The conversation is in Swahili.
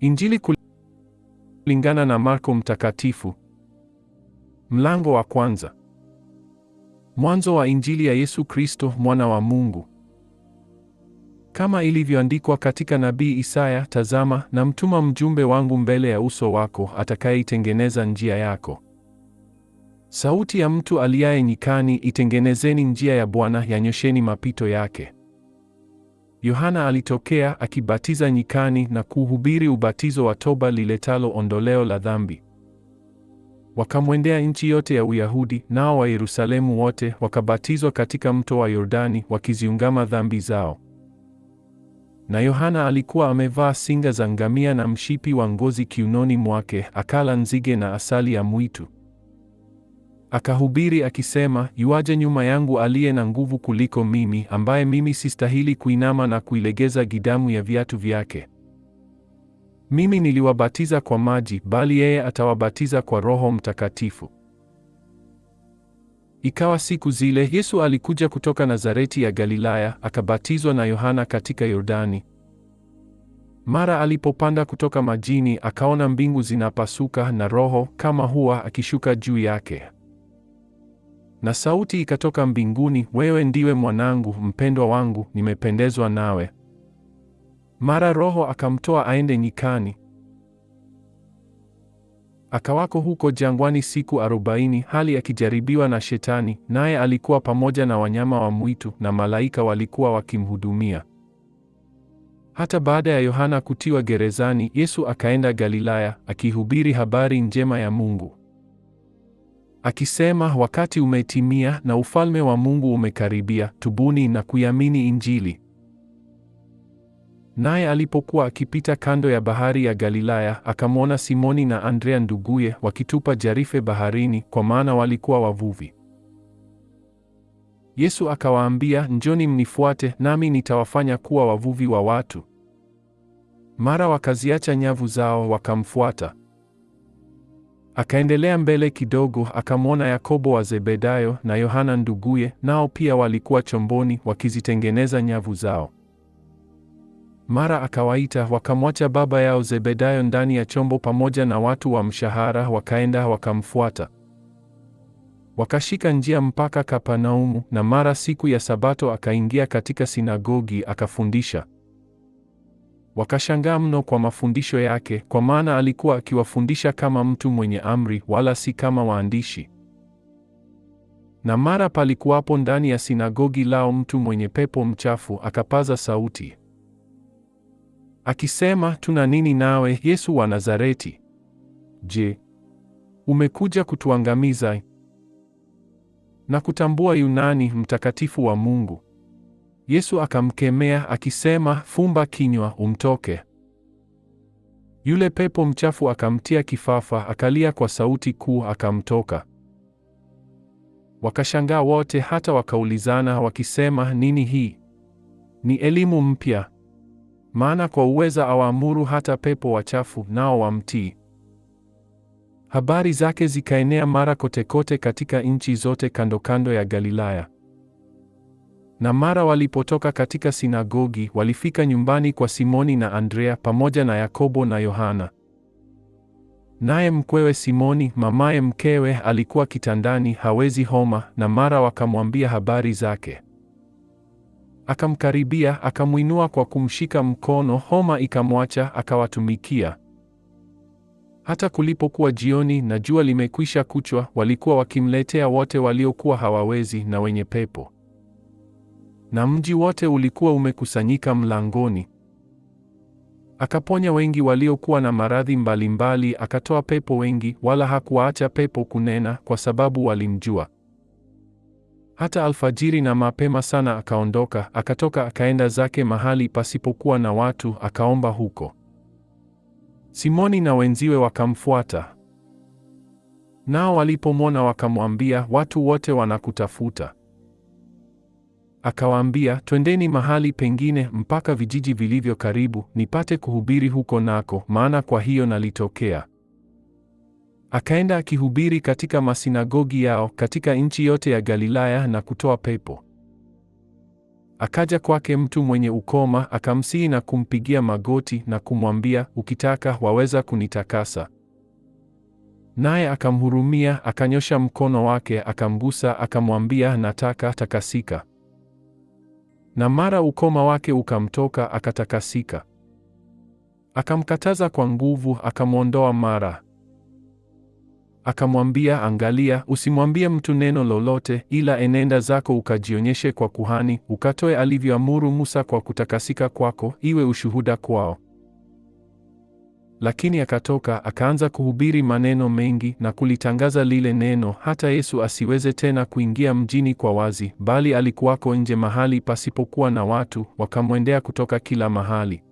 Injili kulingana na Marko Mtakatifu, mlango wa kwanza. Mwanzo wa Injili ya Yesu Kristo mwana wa Mungu. Kama ilivyoandikwa katika nabii Isaya, tazama, namtuma mjumbe wangu mbele ya uso wako, atakayeitengeneza njia yako. Sauti ya mtu aliaye nyikani, itengenezeni njia ya Bwana, yanyosheni mapito yake. Yohana alitokea akibatiza nyikani na kuhubiri ubatizo wa toba liletalo ondoleo la dhambi. Wakamwendea nchi yote ya Uyahudi nao wa Yerusalemu wote wakabatizwa katika mto wa Yordani wakiziungama dhambi zao. Na Yohana alikuwa amevaa singa za ngamia na mshipi wa ngozi kiunoni mwake, akala nzige na asali ya mwitu. Akahubiri akisema, yuaje nyuma yangu aliye na nguvu kuliko mimi, ambaye mimi sistahili kuinama na kuilegeza gidamu ya viatu vyake? Mimi niliwabatiza kwa maji, bali yeye atawabatiza kwa Roho Mtakatifu. Ikawa siku zile, Yesu alikuja kutoka Nazareti ya Galilaya, akabatizwa na Yohana katika Yordani. Mara alipopanda kutoka majini, akaona mbingu zinapasuka na Roho kama hua akishuka juu yake. Na sauti ikatoka mbinguni, wewe ndiwe mwanangu mpendwa wangu, nimependezwa nawe. Mara Roho akamtoa aende nyikani. Akawako huko jangwani siku arobaini, hali akijaribiwa na Shetani, naye alikuwa pamoja na wanyama wa mwitu, na malaika walikuwa wakimhudumia. Hata baada ya Yohana kutiwa gerezani, Yesu akaenda Galilaya akihubiri habari njema ya Mungu akisema, wakati umetimia na ufalme wa Mungu umekaribia, tubuni na kuiamini Injili. Naye alipokuwa akipita kando ya bahari ya Galilaya, akamwona Simoni na Andrea nduguye wakitupa jarife baharini, kwa maana walikuwa wavuvi. Yesu akawaambia, njoni mnifuate, nami nitawafanya kuwa wavuvi wa watu. Mara wakaziacha nyavu zao wakamfuata. Akaendelea mbele kidogo, akamwona Yakobo wa Zebedayo na Yohana nduguye, nao pia walikuwa chomboni wakizitengeneza nyavu zao. Mara akawaita, wakamwacha baba yao Zebedayo ndani ya chombo pamoja na watu wa mshahara, wakaenda wakamfuata. Wakashika njia mpaka kapanaumu na mara siku ya Sabato akaingia katika sinagogi akafundisha. Wakashangaa mno kwa mafundisho yake, kwa maana alikuwa akiwafundisha kama mtu mwenye amri, wala si kama waandishi. Na mara palikuwapo ndani ya sinagogi lao mtu mwenye pepo mchafu, akapaza sauti akisema, tuna nini nawe, Yesu wa Nazareti? Je, umekuja kutuangamiza? Na kutambua yunani mtakatifu wa Mungu. Yesu akamkemea akisema, fumba kinywa, umtoke. Yule pepo mchafu akamtia kifafa, akalia kwa sauti kuu, akamtoka. Wakashangaa wote, hata wakaulizana wakisema, nini hii? Ni elimu mpya, maana kwa uweza awaamuru hata pepo wachafu nao wamtii. Habari zake zikaenea mara kotekote katika nchi zote kando kando ya Galilaya. Na mara walipotoka katika sinagogi, walifika nyumbani kwa Simoni na Andrea pamoja na Yakobo na Yohana. Naye mkwewe Simoni, mamaye mkewe, alikuwa kitandani, hawezi homa, na mara wakamwambia habari zake. Akamkaribia, akamwinua kwa kumshika mkono, homa ikamwacha, akawatumikia. Hata kulipokuwa jioni na jua limekwisha kuchwa, walikuwa wakimletea wote waliokuwa hawawezi na wenye pepo na mji wote ulikuwa umekusanyika mlangoni. Akaponya wengi waliokuwa na maradhi mbalimbali, akatoa pepo wengi, wala hakuwaacha pepo kunena, kwa sababu walimjua. Hata alfajiri na mapema sana akaondoka, akatoka akaenda zake mahali pasipokuwa na watu, akaomba huko. Simoni na wenziwe wakamfuata. Nao walipomwona wakamwambia, watu wote wanakutafuta. Akawaambia, twendeni mahali pengine mpaka vijiji vilivyo karibu, nipate kuhubiri huko nako, maana kwa hiyo nalitokea. Akaenda akihubiri katika masinagogi yao katika nchi yote ya Galilaya na kutoa pepo. Akaja kwake mtu mwenye ukoma, akamsihi na kumpigia magoti na kumwambia, ukitaka waweza kunitakasa. Naye akamhurumia, akanyosha mkono wake, akamgusa, akamwambia, nataka, takasika na mara ukoma wake ukamtoka, akatakasika. Akamkataza kwa nguvu, akamwondoa mara. Akamwambia, angalia, usimwambie mtu neno lolote, ila enenda zako ukajionyeshe kwa kuhani, ukatoe alivyoamuru Musa kwa kutakasika kwako, iwe ushuhuda kwao. Lakini akatoka akaanza kuhubiri maneno mengi na kulitangaza lile neno, hata Yesu asiweze tena kuingia mjini kwa wazi, bali alikuwako nje mahali pasipokuwa na watu, wakamwendea kutoka kila mahali.